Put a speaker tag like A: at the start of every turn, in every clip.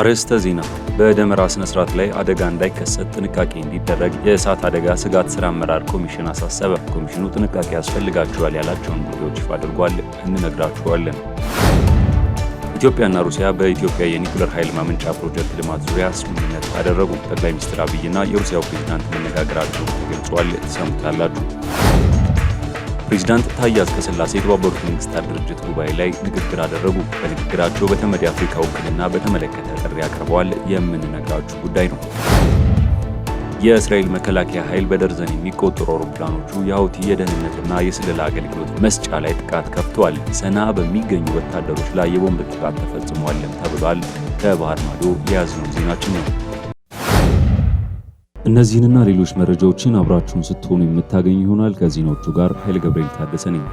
A: አርዕስተ ዜና። በደመራ ስነ ስርዓት ላይ አደጋ እንዳይከሰት ጥንቃቄ እንዲደረግ የእሳት አደጋ ስጋት ስራ አመራር ኮሚሽን አሳሰበ። ኮሚሽኑ ጥንቃቄ ያስፈልጋቸዋል ያላቸውን ጉዳዮች ይፋ አድርጓል። እንነግራችኋለን። ኢትዮጵያና ሩሲያ በኢትዮጵያ የኒኩሌር ኃይል ማመንጫ ፕሮጀክት ልማት ዙሪያ ስምምነት አደረጉ። ጠቅላይ ሚኒስትር አብይና የሩሲያው ፕሬዝዳንት መነጋገራቸው ተገልጿል። ትሰሙታላችሁ። ፕሬዚዳንት ታዬ አጽቀሥላሴ የተባበሩት መንግስታት ድርጅት ጉባኤ ላይ ንግግር አደረጉ። በንግግራቸው በተመድ አፍሪካ ውክልና በተመለከተ ጥሪ አቅርበዋል። የምንነግራችሁ ጉዳይ ነው። የእስራኤል መከላከያ ኃይል በደርዘን የሚቆጠሩ አውሮፕላኖቹ የሀውቲ የደህንነትና የስለላ አገልግሎት መስጫ ላይ ጥቃት ከፍተዋል። ሰና በሚገኙ ወታደሮች ላይ የቦምብ ጥቃት ተፈጽሟል ተብሏል። ከባህር ማዶ የያዝነው ዜናችን ነው። እነዚህንና ሌሎች መረጃዎችን አብራችሁን ስትሆኑ የምታገኙ ይሆናል። ከዜናዎቹ ጋር ኃይለ ገብርኤል ታደሰ ነኝ።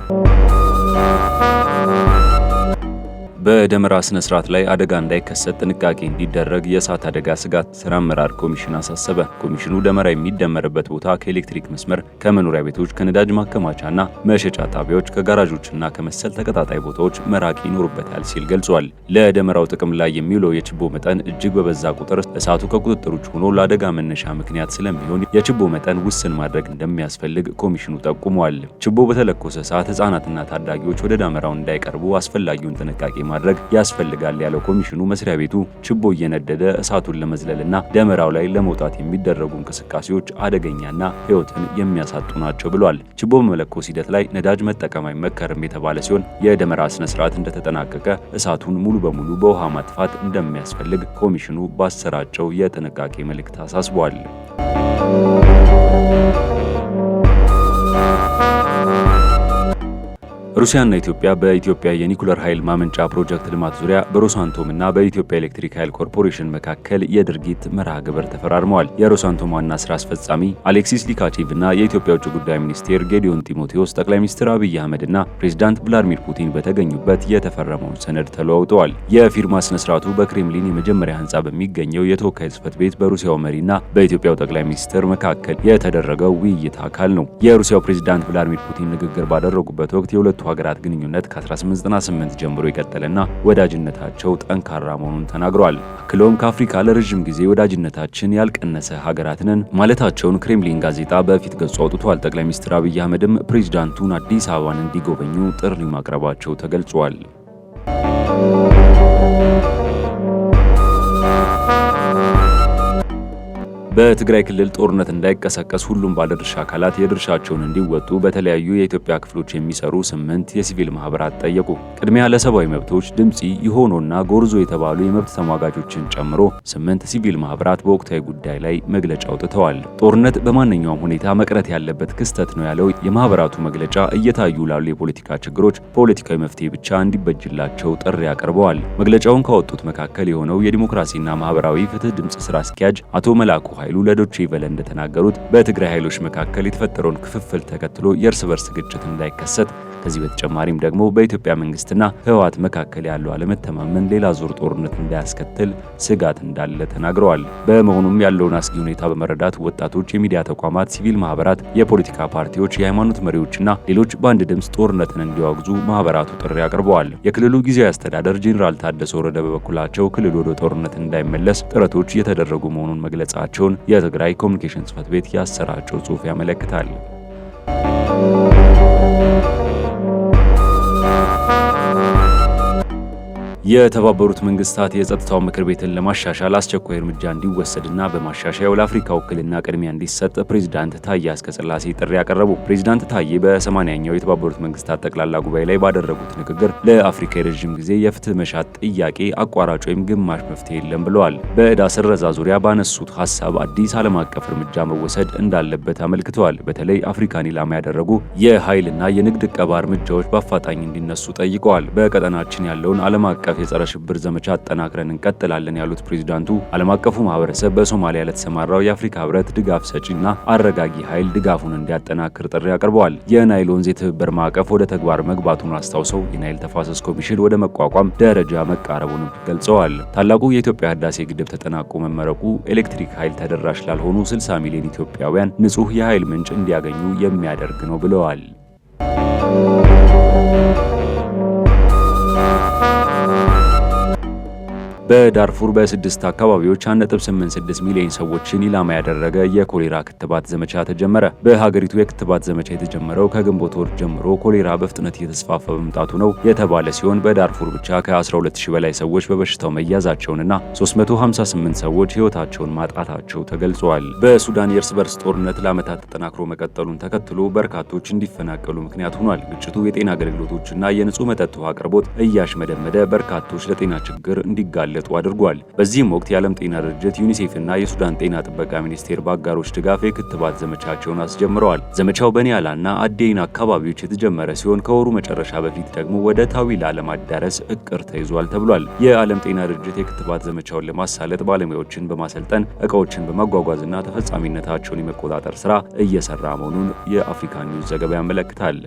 A: በደመራ ስነ ስርዓት ላይ አደጋ እንዳይከሰት ጥንቃቄ እንዲደረግ የእሳት አደጋ ስጋት ስራ አመራር ኮሚሽን አሳሰበ። ኮሚሽኑ ደመራ የሚደመርበት ቦታ ከኤሌክትሪክ መስመር፣ ከመኖሪያ ቤቶች፣ ከነዳጅ ማከማቻና መሸጫ ጣቢያዎች፣ ከጋራዦችና ከመሰል ተቀጣጣይ ቦታዎች መራቅ ይኖርበታል ሲል ገልጿል። ለደመራው ጥቅም ላይ የሚውለው የችቦ መጠን እጅግ በበዛ ቁጥር እሳቱ ከቁጥጥር ውጭ ሆኖ ለአደጋ መነሻ ምክንያት ስለሚሆን የችቦ መጠን ውስን ማድረግ እንደሚያስፈልግ ኮሚሽኑ ጠቁሟል። ችቦ በተለኮሰ ሰዓት ህጻናትና ታዳጊዎች ወደ ደመራው እንዳይቀርቡ አስፈላጊውን ጥንቃቄ ማድረግ ያስፈልጋል ያለው ኮሚሽኑ መስሪያ ቤቱ ችቦ እየነደደ እሳቱን ለመዝለልና ደመራው ላይ ለመውጣት የሚደረጉ እንቅስቃሴዎች አደገኛና ሕይወትን የሚያሳጡ ናቸው ብሏል። ችቦ በመለኮስ ሂደት ላይ ነዳጅ መጠቀም አይመከርም የተባለ ሲሆን የደመራ ስነ ስርዓት እንደተጠናቀቀ እሳቱን ሙሉ በሙሉ በውሃ ማጥፋት እንደሚያስፈልግ ኮሚሽኑ ባሰራጨው የጥንቃቄ መልእክት አሳስቧል። ሩሲያና ኢትዮጵያ በኢትዮጵያ የኒኩለር ኃይል ማመንጫ ፕሮጀክት ልማት ዙሪያ በሮሳንቶም እና በኢትዮጵያ ኤሌክትሪክ ኃይል ኮርፖሬሽን መካከል የድርጊት መርሃ ግብር ተፈራርመዋል። የሮሳንቶም ዋና ስራ አስፈጻሚ አሌክሲስ ሊካቺቭ እና የኢትዮጵያ ውጭ ጉዳይ ሚኒስቴር ጌዲዮን ጢሞቴዎስ ጠቅላይ ሚኒስትር አብይ አህመድ እና ፕሬዚዳንት ቭላዲሚር ፑቲን በተገኙበት የተፈረመውን ሰነድ ተለዋውጠዋል። የፊርማ ስነ ስርዓቱ በክሬምሊን የመጀመሪያ ህንፃ በሚገኘው የተወካይ ጽህፈት ቤት በሩሲያው መሪ እና በኢትዮጵያው ጠቅላይ ሚኒስትር መካከል የተደረገው ውይይት አካል ነው። የሩሲያው ፕሬዚዳንት ቭላዲሚር ፑቲን ንግግር ባደረጉበት ወቅት የሁለቱ ሀገራት ግንኙነት ከ1898 ጀምሮ የቀጠለና ወዳጅነታቸው ጠንካራ መሆኑን ተናግሯል። አክለውም ከአፍሪካ ለረዥም ጊዜ ወዳጅነታችን ያልቀነሰ ሀገራት ነን ማለታቸውን ክሬምሊን ጋዜጣ በፊት ገጹ አውጥቷል። ጠቅላይ ሚኒስትር አብይ አህመድም ፕሬዚዳንቱን አዲስ አበባን እንዲጎበኙ ጥሪ ማቅረባቸው ተገልጿል። በትግራይ ክልል ጦርነት እንዳይቀሰቀስ ሁሉም ባለድርሻ አካላት የድርሻቸውን እንዲወጡ በተለያዩ የኢትዮጵያ ክፍሎች የሚሰሩ ስምንት የሲቪል ማህበራት ጠየቁ። ቅድሚያ ለሰብአዊ መብቶች ድምፂ የሆኖና ጎርዞ የተባሉ የመብት ተሟጋቾችን ጨምሮ ስምንት ሲቪል ማህበራት በወቅታዊ ጉዳይ ላይ መግለጫ አውጥተዋል። ጦርነት በማንኛውም ሁኔታ መቅረት ያለበት ክስተት ነው ያለው የማህበራቱ መግለጫ እየታዩ ላሉ የፖለቲካ ችግሮች ፖለቲካዊ መፍትሄ ብቻ እንዲበጅላቸው ጥሪ አቅርበዋል። መግለጫውን ካወጡት መካከል የሆነው የዲሞክራሲና ማህበራዊ ፍትህ ድምፅ ስራ አስኪያጅ አቶ መላኩ ኃይሉ ለዶቼ ቬለ እንደተናገሩት በትግራይ ኃይሎች መካከል የተፈጠረውን ክፍፍል ተከትሎ የእርስ በርስ ግጭት እንዳይከሰት ከዚህ በተጨማሪም ደግሞ በኢትዮጵያ መንግስትና ህወሓት መካከል ያለው አለመተማመን ሌላ ዙር ጦርነት እንዳያስከትል ስጋት እንዳለ ተናግረዋል። በመሆኑም ያለውን አስጊ ሁኔታ በመረዳት ወጣቶች፣ የሚዲያ ተቋማት፣ ሲቪል ማህበራት፣ የፖለቲካ ፓርቲዎች፣ የሃይማኖት መሪዎችና ሌሎች በአንድ ድምፅ ጦርነትን እንዲያወግዙ ማህበራቱ ጥሪ አቅርበዋል። የክልሉ ጊዜያዊ አስተዳደር ጄኔራል ታደሰ ወረደ በበኩላቸው ክልሉ ወደ ጦርነት እንዳይመለስ ጥረቶች እየተደረጉ መሆኑን መግለጻቸውን የትግራይ ኮሚኒኬሽን ጽህፈት ቤት ያሰራጨው ጽሑፍ ያመለክታል። የተባበሩት መንግስታት የጸጥታው ምክር ቤትን ለማሻሻል አስቸኳይ እርምጃ እንዲወሰድና በማሻሻያው ለአፍሪካ ውክልና ቅድሚያ እንዲሰጥ ፕሬዚዳንት ታዬ አጽቀሥላሴ ጥሪ ያቀረቡ። ፕሬዚዳንት ታዬ በሰማንያኛው የተባበሩት መንግስታት ጠቅላላ ጉባኤ ላይ ባደረጉት ንግግር ለአፍሪካ የረዥም ጊዜ የፍትህ መሻት ጥያቄ አቋራጭ ወይም ግማሽ መፍትሄ የለም ብለዋል። በዕዳ ስረዛ ዙሪያ ባነሱት ሀሳብ አዲስ ዓለም አቀፍ እርምጃ መወሰድ እንዳለበት አመልክተዋል። በተለይ አፍሪካን ኢላማ ያደረጉ የኃይልና የንግድ ቀባ እርምጃዎች በአፋጣኝ እንዲነሱ ጠይቀዋል። በቀጠናችን ያለውን ዓለም አቀፍ አቀፍ የጸረ ሽብር ዘመቻ አጠናክረን እንቀጥላለን ያሉት ፕሬዚዳንቱ ዓለም አቀፉ ማህበረሰብ በሶማሊያ ለተሰማራው የአፍሪካ ህብረት ድጋፍ ሰጪና አረጋጊ ኃይል ድጋፉን እንዲያጠናክር ጥሪ አቅርበዋል። የናይል ወንዝ የትብብር ማዕቀፍ ወደ ተግባር መግባቱን አስታውሰው የናይል ተፋሰስ ኮሚሽን ወደ መቋቋም ደረጃ መቃረቡንም ገልጸዋል። ታላቁ የኢትዮጵያ ህዳሴ ግድብ ተጠናቆ መመረቁ ኤሌክትሪክ ኃይል ተደራሽ ላልሆኑ 60 ሚሊዮን ኢትዮጵያውያን ንጹህ የኃይል ምንጭ እንዲያገኙ የሚያደርግ ነው ብለዋል። በዳርፉር በስድስት አካባቢዎች 1.86 ሚሊዮን ሰዎችን ኢላማ ያደረገ የኮሌራ ክትባት ዘመቻ ተጀመረ። በሀገሪቱ የክትባት ዘመቻ የተጀመረው ከግንቦት ወር ጀምሮ ኮሌራ በፍጥነት እየተስፋፋ በመምጣቱ ነው የተባለ ሲሆን በዳርፉር ብቻ ከ12000 በላይ ሰዎች በበሽታው መያዛቸውንና 358 ሰዎች ሕይወታቸውን ማጣታቸው ተገልጿል። በሱዳን የእርስ በርስ ጦርነት ለዓመታት ተጠናክሮ መቀጠሉን ተከትሎ በርካቶች እንዲፈናቀሉ ምክንያት ሆኗል። ግጭቱ የጤና አገልግሎቶችና የንጹህ መጠጥ ውሃ አቅርቦት እያሽመደመደ በርካቶች ለጤና ችግር እንዲጋለ እንዲያመለጡ አድርጓል። በዚህም ወቅት የዓለም ጤና ድርጅት ዩኒሴፍ እና የሱዳን ጤና ጥበቃ ሚኒስቴር በአጋሮች ድጋፍ የክትባት ዘመቻቸውን አስጀምረዋል። ዘመቻው በኒያላና አዴይን አካባቢዎች የተጀመረ ሲሆን ከወሩ መጨረሻ በፊት ደግሞ ወደ ታዊላ ለማዳረስ እቅር ተይዟል ተብሏል። የዓለም ጤና ድርጅት የክትባት ዘመቻውን ለማሳለጥ ባለሙያዎችን በማሰልጠን እቃዎችን በማጓጓዝና ተፈጻሚነታቸውን የመቆጣጠር ስራ እየሰራ መሆኑን የአፍሪካ ኒውስ ዘገባ ያመለክታል።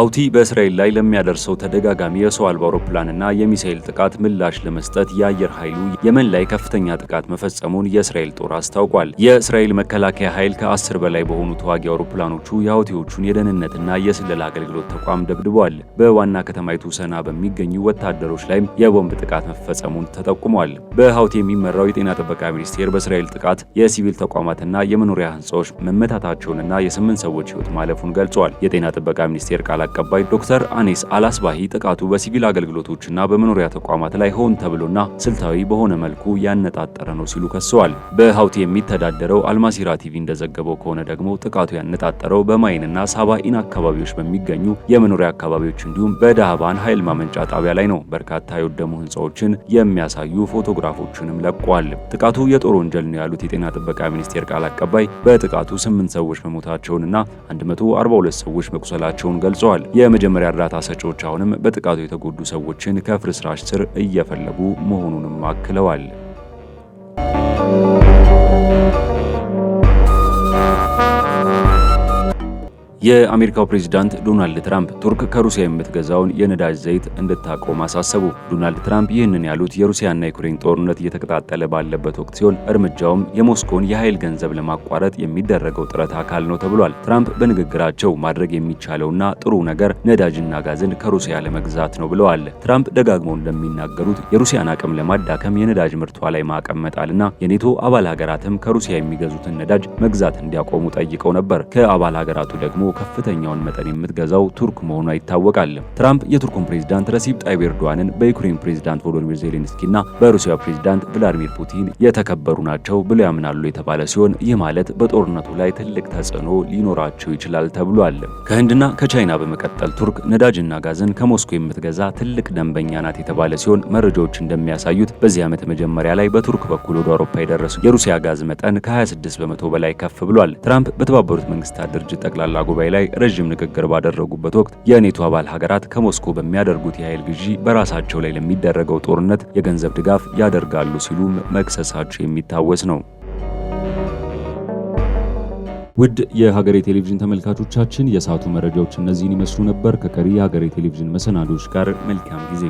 A: ሀውቲ በእስራኤል ላይ ለሚያደርሰው ተደጋጋሚ የሰው አልባ አውሮፕላንና የሚሳኤል ጥቃት ምላሽ ለመስጠት የአየር ኃይሉ የመን ላይ ከፍተኛ ጥቃት መፈጸሙን የእስራኤል ጦር አስታውቋል። የእስራኤል መከላከያ ኃይል ከአስር በላይ በሆኑ ተዋጊ አውሮፕላኖቹ የሀውቲዎቹን የደህንነትና የስለላ አገልግሎት ተቋም ደብድበዋል። በዋና ከተማይቱ ሰና በሚገኙ ወታደሮች ላይም የቦምብ ጥቃት መፈጸሙን ተጠቁሟል። በሀውቲ የሚመራው የጤና ጥበቃ ሚኒስቴር በእስራኤል ጥቃት የሲቪል ተቋማትና የመኖሪያ ህንፃዎች መመታታቸውንና የስምንት ሰዎች ህይወት ማለፉን ገልጿል። የጤና ጥበቃ ሚኒስቴር ቃል አቀባይ ዶክተር አኔስ አላስባሂ ጥቃቱ በሲቪል አገልግሎቶችና በመኖሪያ ተቋማት ላይ ሆን ተብሎና ስልታዊ በሆነ መልኩ ያነጣጠረ ነው ሲሉ ከሰዋል። በሀውቲ የሚተዳደረው አልማሲራ ቲቪ እንደዘገበው ከሆነ ደግሞ ጥቃቱ ያነጣጠረው በማይንና ሳባኢን አካባቢዎች በሚገኙ የመኖሪያ አካባቢዎች እንዲሁም በዳህባን ኃይል ማመንጫ ጣቢያ ላይ ነው። በርካታ የወደሙ ህንፃዎችን የሚያሳዩ ፎቶግራፎችንም ለቋል። ጥቃቱ የጦር ወንጀል ነው ያሉት የጤና ጥበቃ ሚኒስቴር ቃል አቀባይ በጥቃቱ ስምንት ሰዎች መሞታቸውንና 142 ሰዎች መቁሰላቸውን ገልጸዋል። ተናግረዋል። የመጀመሪያ እርዳታ ሰጪዎች አሁንም በጥቃቱ የተጎዱ ሰዎችን ከፍርስራሽ ስር እየፈለጉ መሆኑንም አክለዋል። የአሜሪካው ፕሬዚዳንት ዶናልድ ትራምፕ ቱርክ ከሩሲያ የምትገዛውን የነዳጅ ዘይት እንድታቆም አሳሰቡ። ዶናልድ ትራምፕ ይህንን ያሉት የሩሲያና የዩክሬን ጦርነት እየተቀጣጠለ ባለበት ወቅት ሲሆን እርምጃውም የሞስኮን የኃይል ገንዘብ ለማቋረጥ የሚደረገው ጥረት አካል ነው ተብሏል። ትራምፕ በንግግራቸው ማድረግ የሚቻለውና ጥሩ ነገር ነዳጅና ጋዝን ከሩሲያ ለመግዛት ነው ብለዋል። ትራምፕ ደጋግመው እንደሚናገሩት የሩሲያን አቅም ለማዳከም የነዳጅ ምርቷ ላይ ማዕቀብ መጣልና የኔቶ አባል ሀገራትም ከሩሲያ የሚገዙትን ነዳጅ መግዛት እንዲያቆሙ ጠይቀው ነበር። ከአባል ሀገራቱ ደግሞ ከፍተኛውን መጠን የምትገዛው ቱርክ መሆኗ ይታወቃል። ትራምፕ የቱርኩን ፕሬዚዳንት ረሲብ ጣይብ ኤርዶዋንን በዩክሬን ፕሬዚዳንት ቮሎዲሚር ዜሌንስኪና በሩሲያ ፕሬዚዳንት ቭላዲሚር ፑቲን የተከበሩ ናቸው ብለው ያምናሉ የተባለ ሲሆን ይህ ማለት በጦርነቱ ላይ ትልቅ ተጽዕኖ ሊኖራቸው ይችላል ተብሏል። ከህንድና ከቻይና በመቀጠል ቱርክ ነዳጅና ጋዝን ከሞስኮ የምትገዛ ትልቅ ደንበኛ ናት የተባለ ሲሆን መረጃዎች እንደሚያሳዩት በዚህ ዓመት መጀመሪያ ላይ በቱርክ በኩል ወደ አውሮፓ የደረሱ የሩሲያ ጋዝ መጠን ከ26 በመቶ በላይ ከፍ ብሏል። ትራምፕ በተባበሩት መንግስታት ድርጅት ጠቅላላ ጉባኤ ጉባኤ ላይ ረዥም ንግግር ባደረጉበት ወቅት የኔቶ አባል ሀገራት ከሞስኮ በሚያደርጉት የኃይል ግዢ በራሳቸው ላይ ለሚደረገው ጦርነት የገንዘብ ድጋፍ ያደርጋሉ ሲሉ መክሰሳቸው የሚታወስ ነው።
B: ውድ የሀገሬ ቴሌቪዥን ተመልካቾቻችን የሰዓቱ መረጃዎች እነዚህን ይመስሉ ነበር። ከቀሪ የሀገሬ ቴሌቪዥን መሰናዶች ጋር መልካም ጊዜ